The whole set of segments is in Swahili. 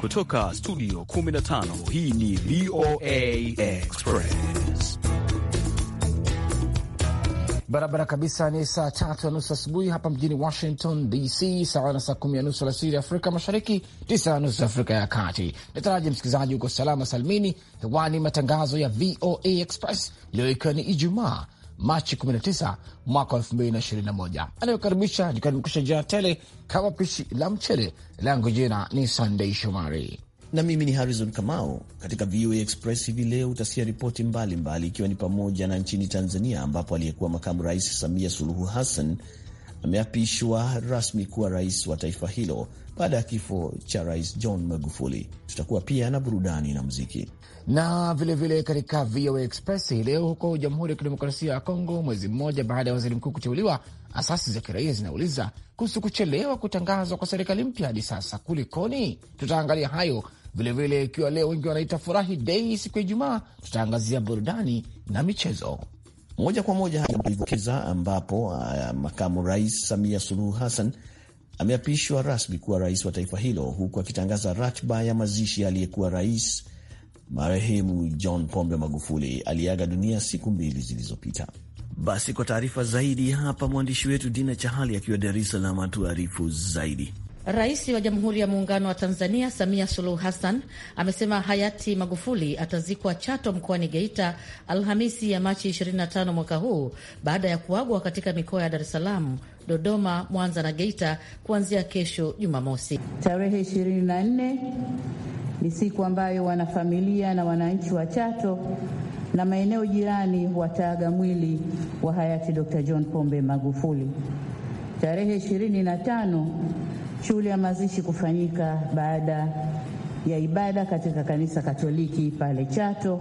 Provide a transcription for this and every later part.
Kutoka studio 15 hii ni VOA Express barabara kabisa. Ni saa tatu na nusu asubuhi hapa mjini Washington DC, sawa na saa kumi na nusu alasiri Afrika Mashariki, tisa na nusu Afrika ya Kati. Nataraji msikilizaji uko salama salmini. Hewani matangazo ya VOA Express leo ikiwa ni Ijumaa Machi 19 mwaka 2021. Anayokaribisha likanimkusha jaa tele kama pishi la mchele langu. Jina ni Sandei Shomari na mimi ni Harrison Kamau. Katika VOA Express hivi leo utasikia ripoti mbalimbali, ikiwa ni pamoja na nchini Tanzania ambapo aliyekuwa makamu rais Samia Suluhu Hassan ameapishwa rasmi kuwa rais wa taifa hilo baada ya kifo cha rais John Magufuli. Tutakuwa pia na burudani na muziki na vilevile katika VOA Express hii leo, huko Jamhuri ya Kidemokrasia ya Kongo, mwezi mmoja baada ya waziri mkuu kuteuliwa, asasi za kiraia zinauliza kuhusu kuchelewa kutangazwa kwa serikali mpya hadi sasa. Kulikoni? Tutaangalia hayo vilevile, ikiwa leo wengi wanaita furahi dei siku ya Ijumaa, tutaangazia burudani na michezo moja kwa moja tulivyokeza, ambapo uh, makamu rais Samia Suluhu Hassan ameapishwa rasmi kuwa rais wa taifa hilo, huku akitangaza ratiba ya mazishi aliyekuwa rais Marehemu John Pombe Magufuli aliaga dunia siku mbili zilizopita. Basi kwa taarifa zaidi hapa mwandishi wetu Dina Chahali akiwa Dar es Salaam atuarifu zaidi. Rais wa Jamhuri ya Muungano wa Tanzania Samia Suluhu Hassan amesema hayati Magufuli atazikwa Chato mkoani Geita Alhamisi ya Machi 25 mwaka huu baada ya kuagwa katika mikoa ya Dar es Salaam Dodoma, Mwanza na Geita kuanzia kesho Jumamosi. Tarehe 24 ni siku ambayo wanafamilia na wananchi wa Chato na maeneo jirani wataaga mwili wa hayati Dr. John Pombe Magufuli. Tarehe 25 shughuli ya mazishi kufanyika baada ya ibada katika kanisa Katoliki pale Chato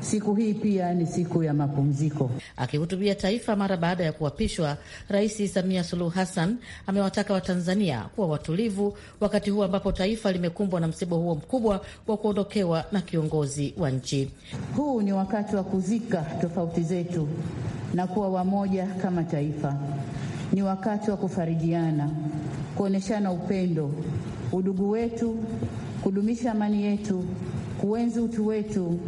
Siku hii pia ni siku ya mapumziko. Akihutubia taifa mara baada ya kuapishwa, Rais Samia Suluhu Hassan amewataka Watanzania kuwa watulivu wakati huu ambapo taifa limekumbwa na msiba huo mkubwa wa kuondokewa na kiongozi wa nchi. Huu ni wakati wa kuzika tofauti zetu na kuwa wamoja kama taifa. Ni wakati wa kufarijiana, kuonyeshana upendo, udugu wetu, kudumisha amani yetu kuenzi utu wetu,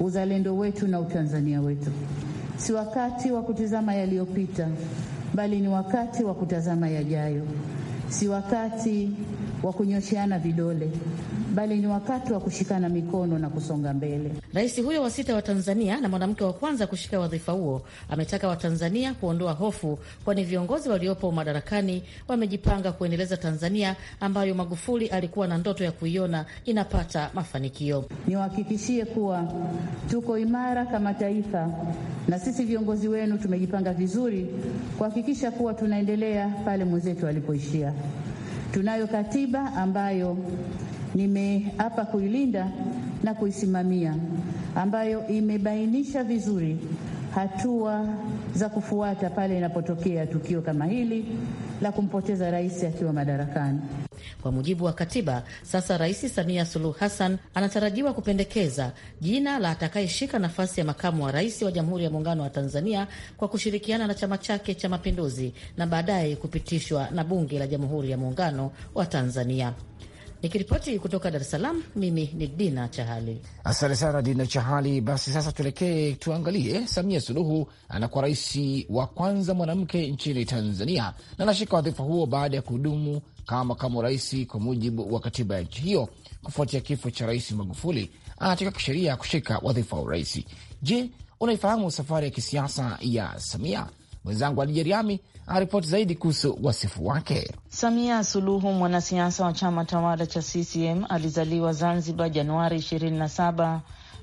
uzalendo wetu na utanzania wetu. Si wakati wa kutizama yaliyopita, bali ni wakati wa kutazama yajayo. Si wakati wa kunyosheana vidole, bali ni wakati wa kushikana mikono na kusonga mbele. Rais huyo wa sita wa Tanzania na mwanamke wa kwanza kushika wadhifa huo ametaka Watanzania kuondoa hofu, kwani viongozi waliopo madarakani wamejipanga kuendeleza Tanzania ambayo Magufuli alikuwa na ndoto ya kuiona inapata mafanikio. Niwahakikishie kuwa tuko imara kama taifa, na sisi viongozi wenu tumejipanga vizuri kuhakikisha kuwa tunaendelea pale mwenzetu alipoishia. Tunayo katiba ambayo nimeapa kuilinda na kuisimamia, ambayo imebainisha vizuri hatua za kufuata pale inapotokea tukio kama hili la kumpoteza rais akiwa madarakani. Kwa mujibu wa katiba, sasa Rais Samia Suluhu Hassan anatarajiwa kupendekeza jina la atakayeshika nafasi ya makamu wa rais wa Jamhuri ya Muungano wa Tanzania kwa kushirikiana na chama chake cha Mapinduzi na baadaye kupitishwa na Bunge la Jamhuri ya Muungano wa Tanzania. Nikiripoti kutoka Dar es Salaam, mimi ni Dina Chahali. Asante sana Dina Chahali. Basi sasa tuelekee tuangalie, Samia Suluhu anakuwa rais wa kwanza mwanamke nchini Tanzania na anashika wadhifa huo baada ya kuhudumu kama makamu wa rais kwa mujibu wa katiba ya nchi hiyo. Kufuatia kifo cha rais Magufuli, anataka kisheria kushika wadhifa wa urais. Je, unaifahamu safari ya kisiasa ya Samia? Mwenzangu Adija Riami aripoti zaidi kuhusu wasifu wake. Samia Suluhu, mwanasiasa wa chama tawala cha CCM, alizaliwa Zanzibar Januari 27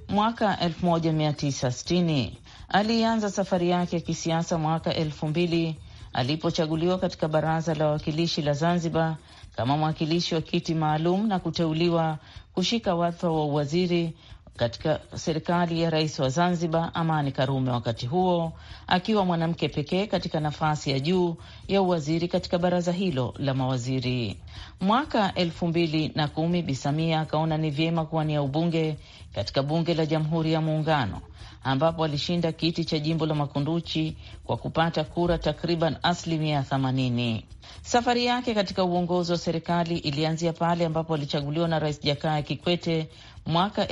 mwaka 1960. Alianza safari yake ya kisiasa mwaka elfu mbili alipochaguliwa katika baraza la wawakilishi la Zanzibar kama mwakilishi wa kiti maalum na kuteuliwa kushika wadhifa wa uwaziri katika serikali ya rais wa Zanzibar Amani Karume, wakati huo akiwa mwanamke pekee katika nafasi ya juu ya uwaziri katika baraza hilo la mawaziri. Mwaka elfu mbili na kumi Bisamia akaona ni vyema kuwania ubunge katika bunge la Jamhuri ya Muungano, ambapo alishinda kiti cha jimbo la Makunduchi kwa kupata kura takriban asilimia 80. Safari yake katika uongozi wa serikali ilianzia pale ambapo alichaguliwa na Rais Jakaya Kikwete mwaka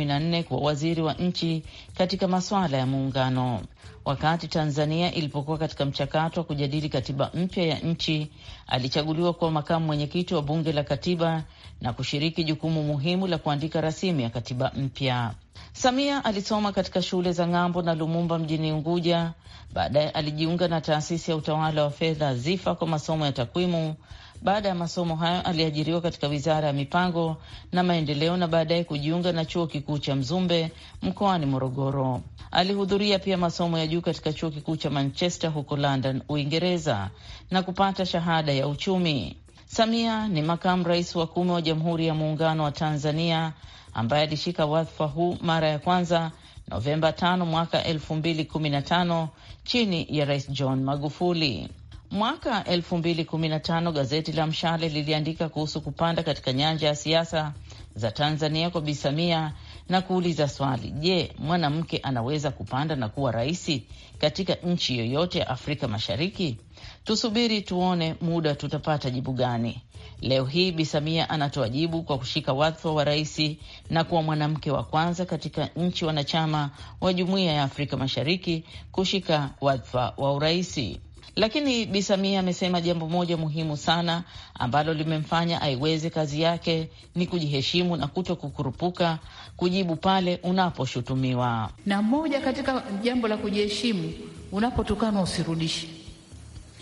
nne kwa waziri wa nchi katika masuala ya muungano wakati Tanzania ilipokuwa katika mchakato wa kujadili katiba mpya ya nchi, alichaguliwa kuwa makamu mwenyekiti wa bunge la katiba na kushiriki jukumu muhimu la kuandika rasimu ya katiba mpya. Samia alisoma katika shule za Ng'ambo na Lumumba mjini Unguja. Baadaye alijiunga na taasisi ya utawala wa fedha ZIFA kwa masomo ya takwimu baada ya masomo hayo aliajiriwa katika wizara ya mipango na maendeleo na baadaye kujiunga na chuo kikuu cha Mzumbe mkoani Morogoro. Alihudhuria pia masomo ya juu katika chuo kikuu cha Manchester huko London, Uingereza, na kupata shahada ya uchumi. Samia ni makamu rais wa kumi wa Jamhuri ya Muungano wa Tanzania ambaye alishika wadhifa huu mara ya kwanza Novemba 5 mwaka 2015 chini ya Rais John Magufuli. Mwaka 2015 gazeti la Mshale liliandika kuhusu kupanda katika nyanja ya siasa za Tanzania kwa Bi Samia na kuuliza swali, je, mwanamke anaweza kupanda na kuwa rais katika nchi yoyote ya Afrika Mashariki? Tusubiri tuone, muda tutapata jibu gani. Leo hii Bi Samia anatoa jibu kwa kushika wadhifa wa rais na kuwa mwanamke wa kwanza katika nchi wanachama wa Jumuiya ya Afrika Mashariki kushika wadhifa wa uraisi. Lakini Bi Samia amesema jambo moja muhimu sana ambalo limemfanya aiweze kazi yake ni kujiheshimu na kuto kukurupuka kujibu pale unaposhutumiwa. Na moja katika jambo la kujiheshimu, unapotukana usirudishe,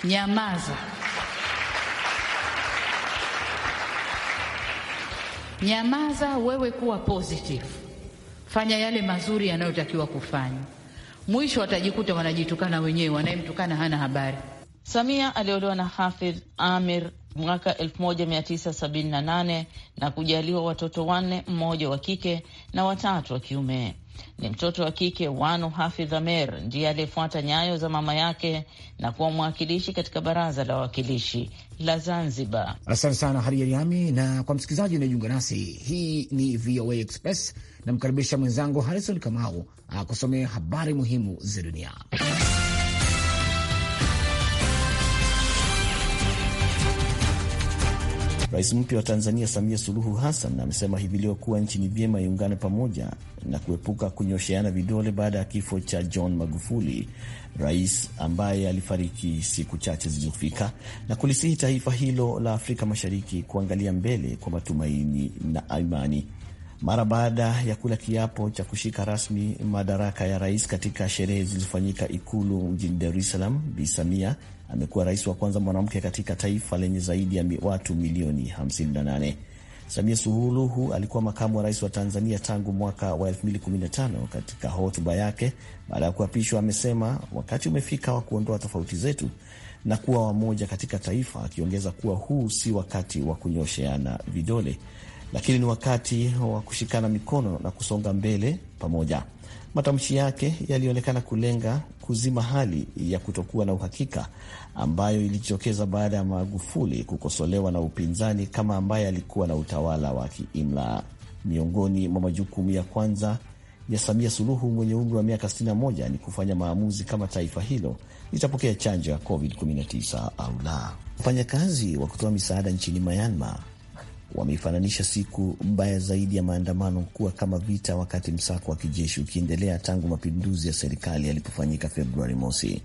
nyamaza nyamaza, wewe kuwa positive, fanya yale mazuri yanayotakiwa kufanya mwisho watajikuta wanajitukana wenyewe, wanayemtukana hana habari. Samia aliolewa na Hafidh Amir mwaka 1978 na kujaliwa watoto wanne, mmoja wa kike na watatu wa kiume. Ni mtoto wa kike Wanu Hafidh Amer ndiye aliyefuata nyayo za mama yake na kuwa mwakilishi katika baraza la wawakilishi la Zanzibar. Asante sana riami Na kwa msikilizaji unayejiunga nasi, hii ni VOA Express. Namkaribisha mwenzangu Harrison Kamau akusomea habari muhimu za dunia. Rais mpya wa Tanzania Samia Suluhu Hassan amesema hivi leo kuwa nchi ni vyema iungane pamoja na kuepuka kunyosheana vidole baada ya kifo cha John Magufuli, rais ambaye alifariki siku chache zilizofika, na kulisihi taifa hilo la Afrika Mashariki kuangalia mbele kwa matumaini na imani. Mara baada ya kula kiapo cha kushika rasmi madaraka ya rais katika sherehe zilizofanyika Ikulu mjini Dar es Salaam, Bi Samia amekuwa rais wa kwanza mwanamke katika taifa lenye zaidi ya watu milioni 58. Samia Suluhu alikuwa makamu wa rais wa Tanzania tangu mwaka wa 2015. Katika hotuba yake baada ya kuapishwa, amesema wakati umefika wa kuondoa tofauti zetu na kuwa wamoja katika taifa, akiongeza kuwa huu si wakati wa kunyosheana vidole, lakini ni wakati wa kushikana mikono na kusonga mbele pamoja. Matamshi yake yalionekana kulenga kuzima hali ya kutokuwa na uhakika ambayo ilijitokeza baada ya Magufuli kukosolewa na upinzani kama ambaye alikuwa na utawala wa kiimla. Miongoni mwa majukumu ya kwanza ya Samia Suluhu mwenye umri wa miaka 61 ni kufanya maamuzi kama taifa hilo litapokea chanjo ya COVID-19 au la. Wafanyakazi wa kutoa misaada nchini Myanmar wameifananisha siku mbaya zaidi ya maandamano kuwa kama vita, wakati msako wa kijeshi ukiendelea tangu mapinduzi ya serikali yalipofanyika Februari mosi.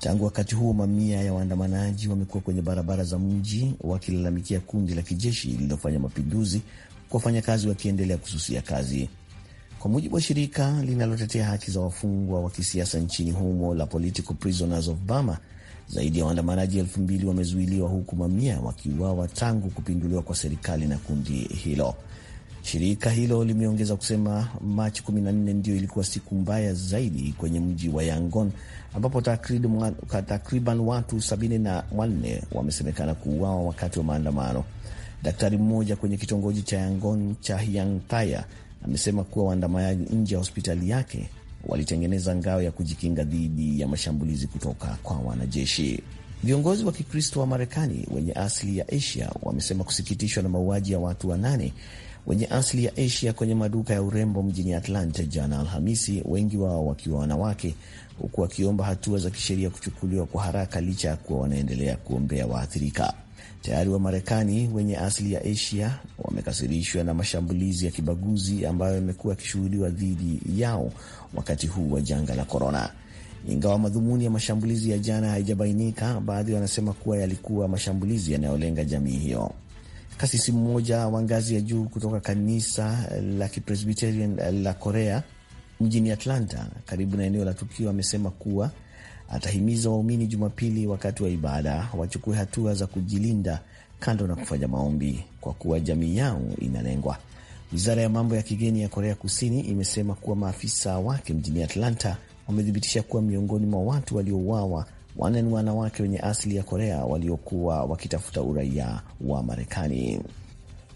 Tangu wakati huo, mamia ya waandamanaji wamekuwa kwenye barabara za mji wakilalamikia kundi la kijeshi lililofanya mapinduzi, kwa wafanyakazi wakiendelea kususia kazi. Kwa mujibu wa shirika linalotetea haki za wafungwa wa kisiasa nchini humo la Political Prisoners of Burma, zaidi ya waandamanaji elfu mbili wamezuiliwa huku mamia wakiuawa tangu kupinduliwa kwa serikali na kundi hilo. Shirika hilo limeongeza kusema Machi 14 ndio ilikuwa siku mbaya zaidi kwenye mji wa Yangon ambapo takriban watu 74 wamesemekana kuuawa wakati wa maandamano. Daktari mmoja kwenye kitongoji cha Yangon cha Hyangtaya amesema kuwa waandamanaji nje ya hospitali yake walitengeneza ngao ya kujikinga dhidi ya mashambulizi kutoka kwa wanajeshi. Viongozi wa Kikristo wa Marekani wenye asili ya Asia wamesema kusikitishwa na mauaji ya watu wanane wenye asili ya Asia kwenye maduka ya urembo mjini Atlanta jana Alhamisi, wengi wao wakiwa wanawake, huku wakiomba hatua za kisheria kuchukuliwa kwa haraka, licha ya kuwa wanaendelea kuombea waathirika. Tayari wa Marekani wenye asili ya Asia wamekasirishwa na mashambulizi ya kibaguzi ambayo yamekuwa yakishuhudiwa dhidi yao wakati huu wa janga la korona. Ingawa madhumuni ya mashambulizi ya jana haijabainika, baadhi wanasema kuwa yalikuwa mashambulizi yanayolenga jamii hiyo. Kasisi mmoja wa ngazi ya juu kutoka kanisa la Kipresbiterian la Korea mjini Atlanta, karibu na eneo la tukio, amesema kuwa atahimiza waumini Jumapili wakati wa ibada wachukue hatua za kujilinda kando na kufanya maombi kwa kuwa jamii yao inalengwa. Wizara ya mambo ya kigeni ya Korea Kusini imesema kuwa maafisa wake mjini Atlanta wamethibitisha kuwa miongoni mwa watu waliouawa wanne ni wanawake wenye asili ya Korea waliokuwa wakitafuta uraia wa Marekani.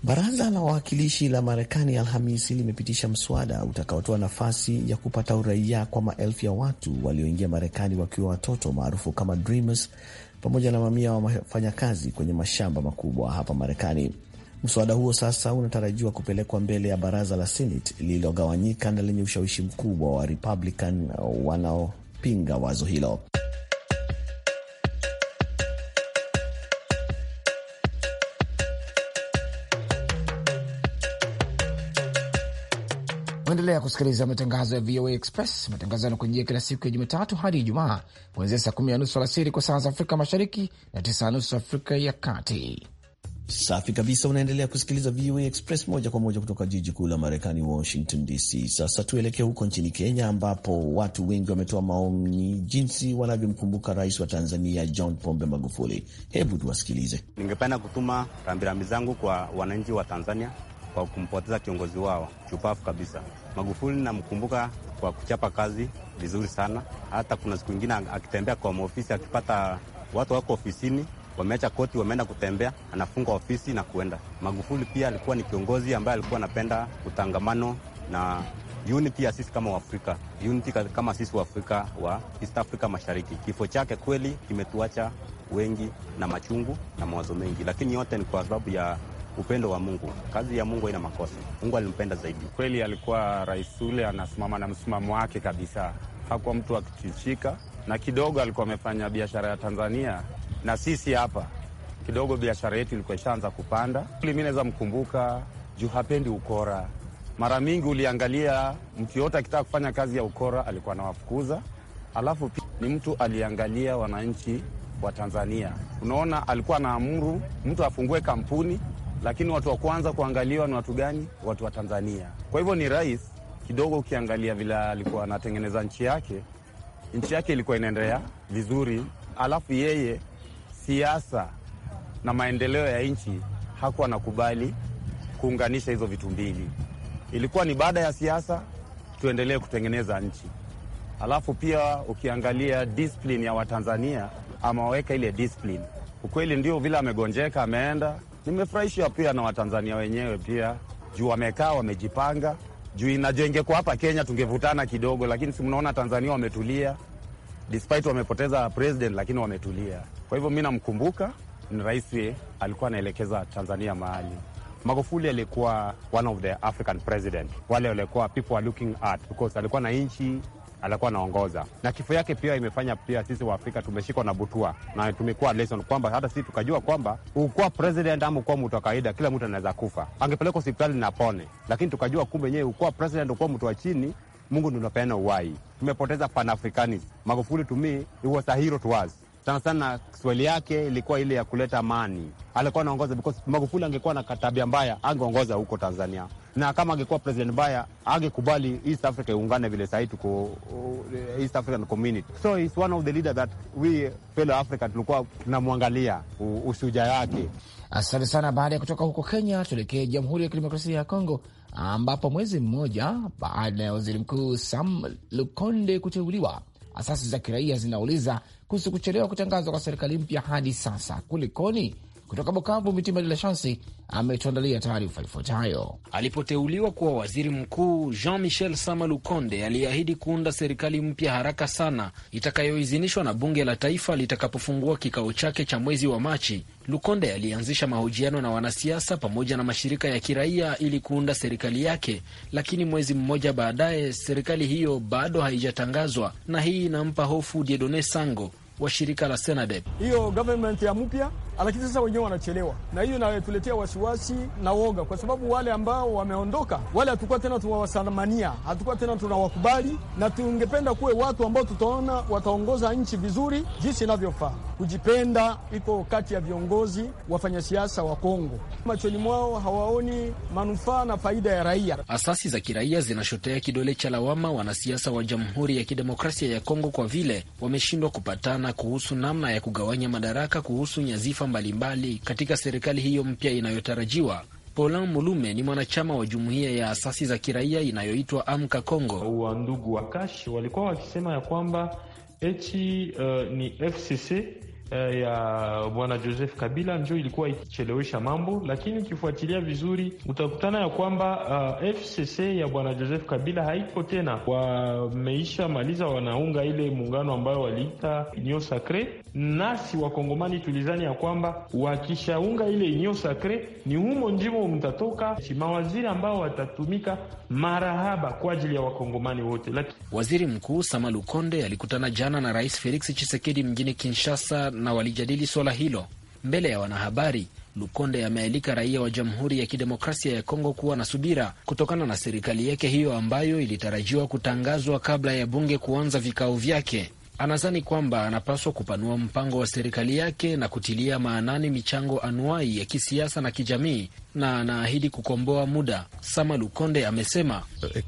Baraza la Wawakilishi la Marekani Alhamisi limepitisha mswada utakaotoa nafasi ya kupata uraia kwa maelfu ya watu walioingia Marekani wakiwa watoto maarufu kama Dreamers, pamoja na mamia wa wafanyakazi kwenye mashamba makubwa hapa Marekani. Mswada huo sasa unatarajiwa kupelekwa mbele ya baraza la Senate lililogawanyika na lenye ushawishi mkubwa wa Republican wanaopinga wazo hilo. Unaendelea kusikiliza matangazo ya VOA Express. Matangazo yanakuingia kila siku ya Jumatatu hadi Ijumaa, kuanzia saa kumi na nusu alasiri kwa saa za Afrika Mashariki na tisa na nusu Afrika ya Kati. Safi kabisa, unaendelea kusikiliza VOA Express moja kwa moja kutoka jiji kuu la Marekani, Washington DC. Sasa tuelekee huko nchini Kenya, ambapo watu wengi wametoa maoni jinsi wanavyomkumbuka rais wa Tanzania John Pombe Magufuli. Hebu tuwasikilize. Ningependa kutuma rambirambi zangu kwa wananchi wa Tanzania kwa kumpoteza kiongozi wao chupafu kabisa. Magufuli namkumbuka kwa kuchapa kazi vizuri sana, hata kuna siku ingine akitembea kwa maofisi akipata watu wako ofisini wameacha koti wameenda kutembea, anafunga ofisi na kuenda. Magufuli pia alikuwa ni kiongozi ambaye alikuwa anapenda utangamano na unity ya sisi kama Waafrika, unity kama sisi Waafrika wa East Africa Mashariki. Kifo chake kweli kimetuacha wengi na machungu na mawazo mengi, lakini yote ni kwa sababu ya upendo wa Mungu. Kazi ya Mungu haina makosa. Mungu alimpenda zaidi. Kweli alikuwa rais ule anasimama na msimamo wake kabisa, hakuwa mtu akichichika, na kidogo alikuwa amefanya biashara ya Tanzania na sisi hapa kidogo biashara yetu ilikuwa ishaanza kupanda. Mi naweza mkumbuka juu hapendi ukora. Mara mingi uliangalia mtu yoyote akitaka kufanya kazi ya ukora alikuwa anawafukuza. Alafu ni mtu aliangalia wananchi wa Tanzania. Unaona, alikuwa anaamuru mtu afungue kampuni lakini watu wa kwanza kuangaliwa ni watu gani? Watu wa Tanzania. Kwa hivyo ni rais kidogo, ukiangalia vile alikuwa anatengeneza nchi yake, nchi yake ilikuwa inaendelea vizuri, alafu yeye siasa na maendeleo ya nchi hakuwa anakubali kuunganisha hizo vitu mbili. Ilikuwa ni baada ya siasa tuendelee kutengeneza nchi, alafu pia ukiangalia discipline ya Watanzania ameweka ile discipline. Ukweli ndio vile amegonjeka, ameenda Nimefurahishwa pia na Watanzania wenyewe pia juu wamekaa wamejipanga, juu inajengekwa hapa Kenya tungevutana kidogo, lakini si mnaona Tanzania wametulia, despite wamepoteza president, lakini wametulia. Kwa hivyo mi namkumbuka ni rais alikuwa anaelekeza Tanzania mahali Magufuli alikuwa one of the African president, wale walikuwa people are looking at because alikuwa na nchi alikuwa anaongoza, na kifo yake pia imefanya pia sisi Waafrika tumeshikwa na butua na tumekuwa lesson kwamba hata sisi tukajua kwamba ukuwa president ama ukuwa mtu wa kawaida, kila mtu anaweza kufa. Angepelekwa hospitali na pone, lakini tukajua kumbe nyewe ukuwa president, ukuwa mtu wa chini, Mungu ndio unapeana uhai. Tumepoteza Pan-Africanism. Magufuli to me it was a hero to us sana sana Kiswahili yake ilikuwa ile ya kuleta amani. Alikuwa anaongoza because Magufuli angekuwa na tabia mbaya angeongoza huko Tanzania, na kama angekuwa president mbaya angekubali East Africa iungane vile sahii tuko uh, East African Community. So he's one of the leader that we fellow Africa tulikuwa tunamwangalia ushujaa wake. Asante sana. Baada ya kutoka huko Kenya, tuelekee Jamhuri ya Kidemokrasia ya Kongo ambapo mwezi mmoja baada ya waziri mkuu Sam Lukonde kuteuliwa Asasi za kiraia zinauliza kuhusu kuchelewa kutangazwa kwa serikali mpya hadi sasa, kulikoni? Kutoka Bukavu, Mitima De La Chansi ametuandalia taarifa ifuatayo. Alipoteuliwa kuwa waziri mkuu, Jean Michel Sama Lukonde aliahidi kuunda serikali mpya haraka sana itakayoidhinishwa na bunge la taifa litakapofungua kikao chake cha mwezi wa Machi. Lukonde alianzisha mahojiano na wanasiasa pamoja na mashirika ya kiraia ili kuunda serikali yake, lakini mwezi mmoja baadaye serikali hiyo bado haijatangazwa, na hii inampa hofu Diedone Sango wa shirika la Senadep. Hiyo government ya mpya lakini sasa wenyewe wanachelewa, na hiyo inatuletea wasiwasi na woga, kwa sababu wale ambao wameondoka wale hatukuwa tena tunawasalamania, hatukuwa tena tunawakubali, na tungependa kuwe watu ambao tutaona wataongoza nchi vizuri jinsi inavyofaa. Kujipenda iko kati ya viongozi wafanyasiasa wa Kongo, machoni mwao hawaoni manufaa na faida ya raia. Asasi za kiraia zinashotea kidole cha lawama wanasiasa wa Jamhuri ya Kidemokrasia ya Kongo kwa vile wameshindwa kupatana kuhusu namna ya kugawanya madaraka kuhusu nyazifa mbalimbali katika serikali hiyo mpya inayotarajiwa. Paulin Mulume ni mwanachama wa jumuiya ya asasi za kiraia inayoitwa Amka Kongo. wa ndugu wa Kash walikuwa wakisema ya kwamba eti uh, eh, ni FCC Eh, ya bwana Joseph Kabila njo ilikuwa ikichelewesha mambo, lakini ukifuatilia vizuri utakutana ya kwamba uh, eh, FCC ya bwana Joseph Kabila haiko tena, wameisha maliza, wanaunga ile muungano ambayo waliita Union Sacre. Nasi wakongomani tulizani ya kwamba wakishaunga ile Union Sacre ni humo ndimo mtatoka mawaziri ambao watatumika marahaba kwa ajili ya wakongomani wote. Lakini Waziri Mkuu Sama Lukonde alikutana jana na Rais Felix Chisekedi mjini Kinshasa na walijadili suala hilo mbele ya wanahabari. Lukonde amealika raia wa Jamhuri ya Kidemokrasia ya Kongo kuwa na subira kutokana na serikali yake hiyo ambayo ilitarajiwa kutangazwa kabla ya bunge kuanza vikao vyake. anazani kwamba anapaswa kupanua mpango wa serikali yake na kutilia maanani michango anuai ya kisiasa na kijamii na anaahidi kukomboa muda. Sama Lukonde amesema eh,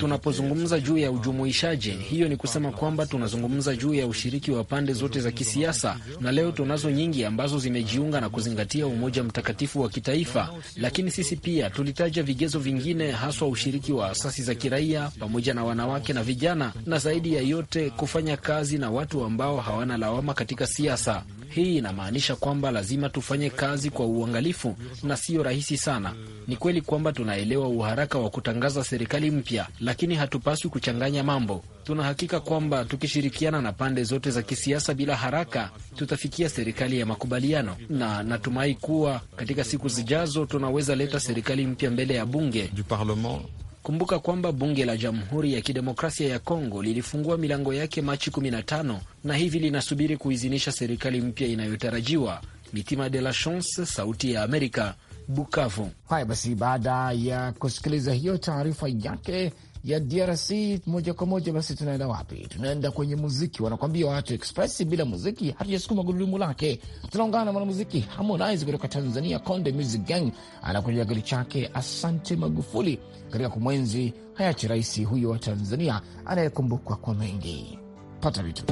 tunapozungumza juu ya ujumuishaji, euh, hiyo ni kusema kwamba tunazungumza juu ya ushiriki wa pande zote za kisiasa, na leo tunazo nyingi ambazo zimejiunga na kuzingatia umoja mtakatifu wa kitaifa, lakini sisi pia tulitaja vigezo vingine, haswa ushiriki wa asasi za kiraia pamoja na wanawake na vijana, na zaidi ya yote kufanya kazi na watu ambao hawana lawama katika siasa. Hii inamaanisha kwamba lazima tufanye kazi kwa uangalifu na siyo rahisi sana. Ni kweli kwamba tunaelewa uharaka wa kutangaza serikali mpya, lakini hatupaswi kuchanganya mambo. Tunahakika kwamba tukishirikiana na pande zote za kisiasa bila haraka, tutafikia serikali ya makubaliano, na natumai kuwa katika siku zijazo tunaweza leta serikali mpya mbele ya bunge du Kumbuka kwamba bunge la Jamhuri ya Kidemokrasia ya Kongo lilifungua milango yake Machi 15 na hivi linasubiri kuidhinisha serikali mpya inayotarajiwa. Mitima de la Chance, Sauti ya Amerika, Bukavu. Haya basi, baada ya kusikiliza hiyo taarifa yake ya DRC moja kwa moja. Basi tunaenda wapi? Tunaenda kwenye muziki, wanakwambia watu express, bila muziki hatujasukuma gurudumu lake. Tunaungana na mwanamuziki Harmonize kutoka Tanzania, Konde Music Gang, anakuja gari chake Asante Magufuli katika kumwenzi hayati rais huyo wa Tanzania anayekumbukwa kwa mengi. Pata vitu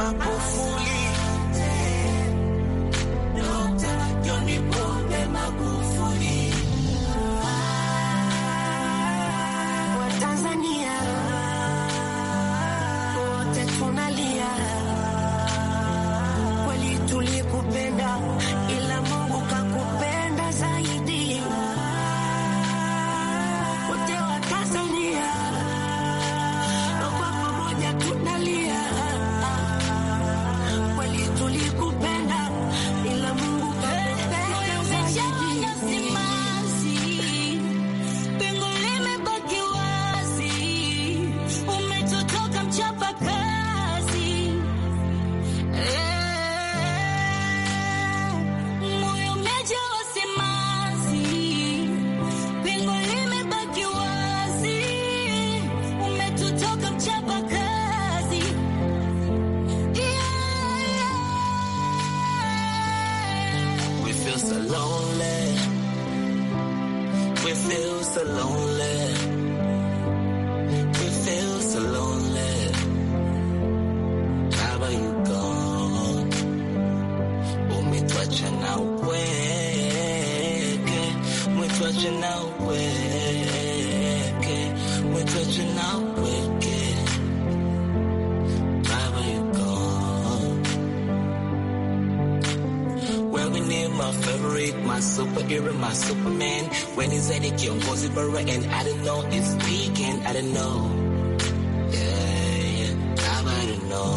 mapofu mirror and I don't know it's speaking. I don't know. Yeah, yeah. I don't know.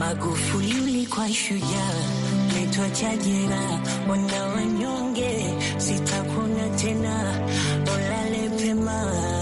Magofu yulikuwa shujaa, nitwacha jela, wana wanyonge, sitakuna tena, olale pema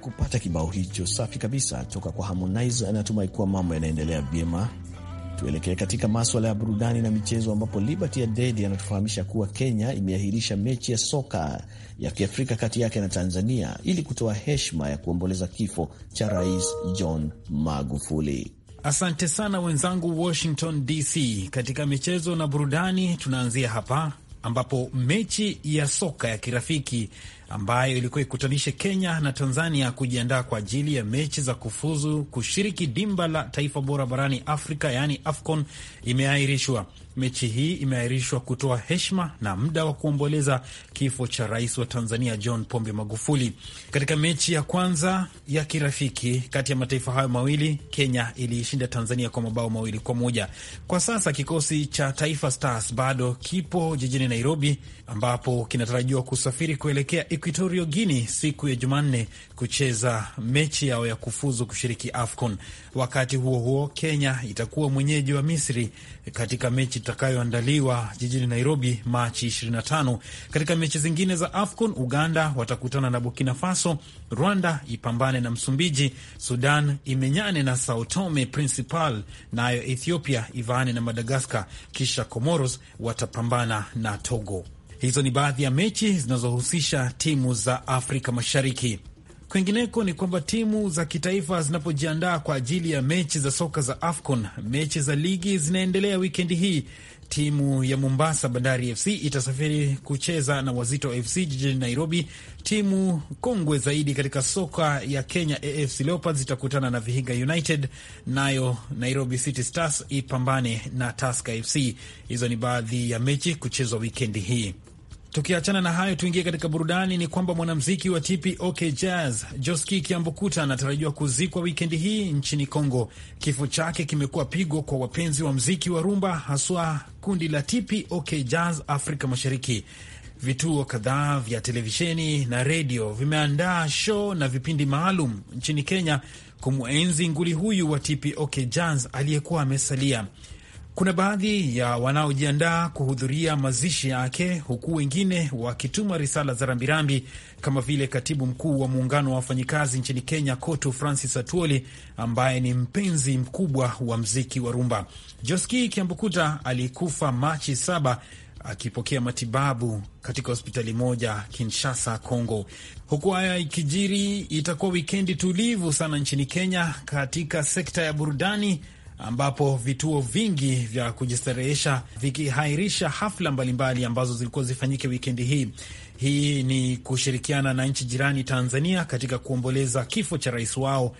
kupata kibao hicho safi kabisa toka kwa Harmonize. Anatumai kuwa mambo yanaendelea vyema. Tuelekee katika maswala ya burudani na michezo, ambapo Liberty Adede anatufahamisha kuwa Kenya imeahirisha mechi ya soka ya kiafrika kati yake na Tanzania ili kutoa heshima ya kuomboleza kifo cha Rais John Magufuli. Asante sana wenzangu Washington DC. Katika michezo na burudani, tunaanzia hapa ambapo mechi ya soka ya kirafiki ambayo ilikuwa ikutanishe Kenya na Tanzania kujiandaa kwa ajili ya mechi za kufuzu kushiriki dimba la taifa bora barani Afrika, yaani AFCON, imeahirishwa. Mechi hii imeahirishwa kutoa heshima na muda wa kuomboleza kifo cha rais wa Tanzania John Pombe Magufuli. Katika mechi ya kwanza ya kirafiki kati ya mataifa hayo mawili, Kenya iliishinda Tanzania kwa mabao mawili kwa moja. Kwa sasa kikosi cha Taifa Stars bado kipo jijini Nairobi ambapo kinatarajiwa kusafiri kuelekea Equatorio Guini siku ya Jumanne kucheza mechi yao ya kufuzu kushiriki AFCON. Wakati huo huo, Kenya itakuwa mwenyeji wa Misri katika mechi itakayoandaliwa jijini Nairobi Machi 25. Katika mechi zingine za AFCON, Uganda watakutana na Burkina Faso, Rwanda ipambane na Msumbiji, Sudan imenyane na Sao Tome Principal, nayo Ethiopia ivaane na Madagaskar, kisha Comoros watapambana na Togo. Hizo ni baadhi ya mechi zinazohusisha timu za Afrika Mashariki. Kwingineko ni kwamba timu za kitaifa zinapojiandaa kwa ajili ya mechi za soka za AFCON, mechi za ligi zinaendelea wikendi hii. Timu ya Mombasa Bandari FC itasafiri kucheza na Wazito FC jijini Nairobi. Timu kongwe zaidi katika soka ya Kenya, AFC Leopards itakutana na Vihiga United, nayo Nairobi City Stars ipambane na Tusker FC. Hizo ni baadhi ya mechi kuchezwa wikendi hii. Tukiachana na hayo, tuingie katika burudani. Ni kwamba mwanamziki wa tp ok Jazz Joski Kiambukuta anatarajiwa kuzikwa wikendi hii nchini Kongo. Kifo chake kimekuwa pigo kwa wapenzi wa mziki wa rumba, haswa kundi la TPOK Jazz Afrika Mashariki. Vituo kadhaa vya televisheni na redio vimeandaa show na vipindi maalum nchini Kenya kumwenzi nguli huyu wa TPOK Jazz aliyekuwa amesalia. Kuna baadhi ya wanaojiandaa kuhudhuria mazishi yake huku wengine wakituma risala za rambirambi, kama vile katibu mkuu wa muungano wa wafanyikazi nchini Kenya, KOTU, Francis Atuoli, ambaye ni mpenzi mkubwa wa mziki wa rumba. Joski Kiambukuta alikufa Machi saba akipokea matibabu katika hospitali moja Kinshasa, Congo. Huku haya ikijiri, itakuwa wikendi tulivu sana nchini Kenya katika sekta ya burudani ambapo vituo vingi vya kujistarehesha vikihairisha hafla mbalimbali ambazo zilikuwa zifanyike wikendi hii. Hii ni kushirikiana na nchi jirani Tanzania katika kuomboleza kifo cha rais wao.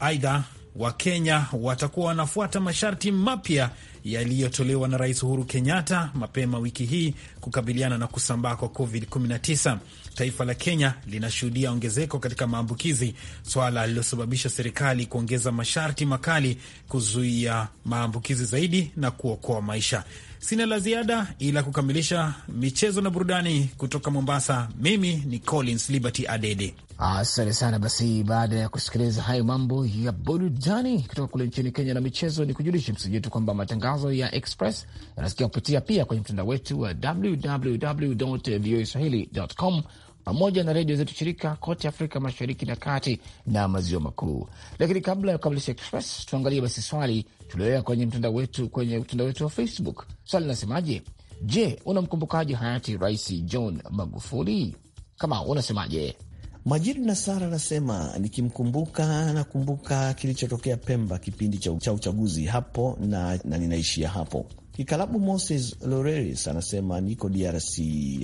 Aidha, Wakenya watakuwa wanafuata masharti mapya yaliyotolewa na Rais Uhuru Kenyatta mapema wiki hii kukabiliana na kusambaa kwa COVID-19. Taifa la Kenya linashuhudia ongezeko katika maambukizi, swala lililosababisha serikali kuongeza masharti makali kuzuia maambukizi zaidi na kuokoa maisha. Sina la ziada ila kukamilisha michezo na burudani kutoka Mombasa. Mimi ni Collins Liberty Adede, asante sana. Basi baada ya kusikiliza hayo mambo ya burudani kutoka kule nchini Kenya na michezo, ni kujulisha msiji wetu kwamba matangazo ya Express yanasikia kupitia pia kwenye mtandao wetu wa www swahilicom pamoja na redio zetu shirika kote Afrika Mashariki na Kati na Maziwa Makuu. Lakini kabla ya kukamilisha Express, tuangalie basi swali tulioweka kwenye mtandao wetu kwenye mtandao wetu wa Facebook. Swali linasemaje? Je, unamkumbukaje hayati Rais John Magufuli? Kama unasemaje? Majiri na Sara anasema nikimkumbuka, nakumbuka kilichotokea Pemba kipindi cha cha uchaguzi hapo na, na ninaishia hapo. Kikalabu Moses Loreris anasema niko DRC,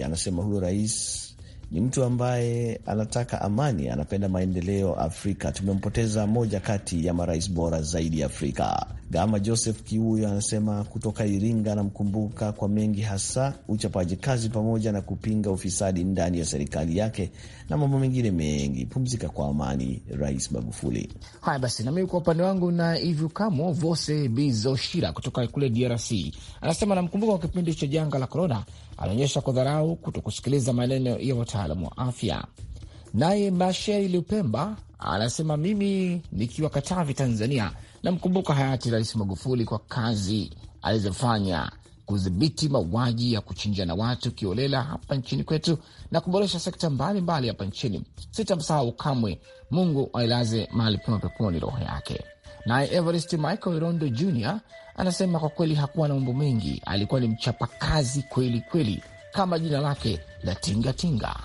anasema huyo rais ni mtu ambaye anataka amani, anapenda maendeleo Afrika. Tumempoteza moja kati ya marais bora zaidi Afrika. Gama Joseph Kiuyo anasema kutoka Iringa, anamkumbuka kwa mengi, hasa uchapaji kazi pamoja na kupinga ufisadi ndani ya serikali yake na mambo mengine mengi. Pumzika kwa amani, Rais Magufuli. Haya basi, nami kwa upande wangu na hivyo kamo Vose Bizoshira kutoka kule DRC anasema anamkumbuka kwa kipindi cha janga la korona, anaonyesha kwa dharau kutokusikiliza maneno ya wataalamu wa afya. Naye Masheri Lupemba anasema mimi nikiwa Katavi, Tanzania namkumbuka hayati Rais Magufuli kwa kazi alizofanya kudhibiti mauaji ya kuchinja na watu kiolela hapa nchini kwetu na kuboresha sekta mbalimbali hapa nchini. Sitamsahau kamwe, Mungu ailaze mahali pema peponi roho yake. Naye Everest Michael Irondo Jr anasema kwa kweli hakuwa na mambo mengi, alikuwa ni mchapakazi kweli kweli kama jina lake la tingatinga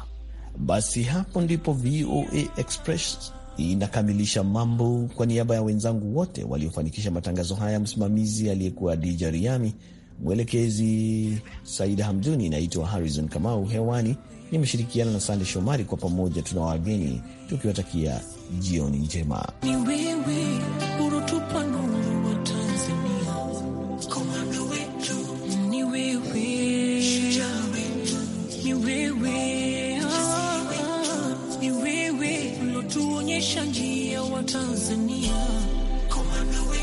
Basi hapo ndipo VOA Express inakamilisha mambo. Kwa niaba ya wenzangu wote waliofanikisha matangazo haya, msimamizi aliyekuwa Dija Riami, mwelekezi Saida Hamduni, inaitwa Harrison Kamau. Hewani nimeshirikiana na Sande Shomari, kwa pamoja tuna wageni tukiwatakia jioni njema. Tanzania,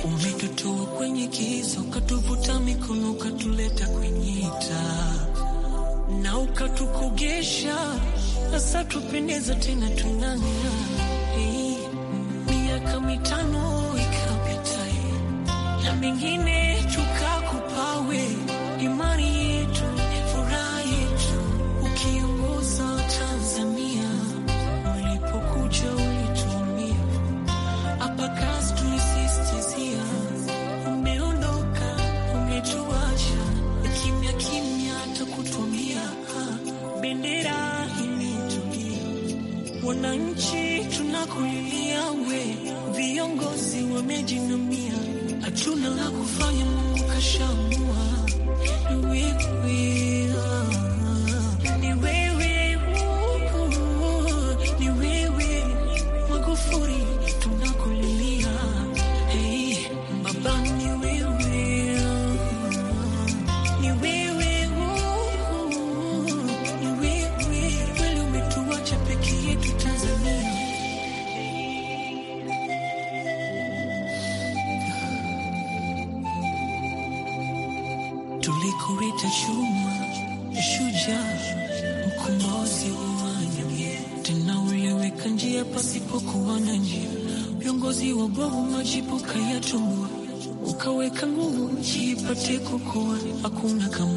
umetutoa kwenye kiza, ukatuvuta mikono, ukatuleta kwenye taa na ukatukogesha, sasa tupendeza tena tunang'aa Ufanye Mungu kashamua hukuwar a kuna kama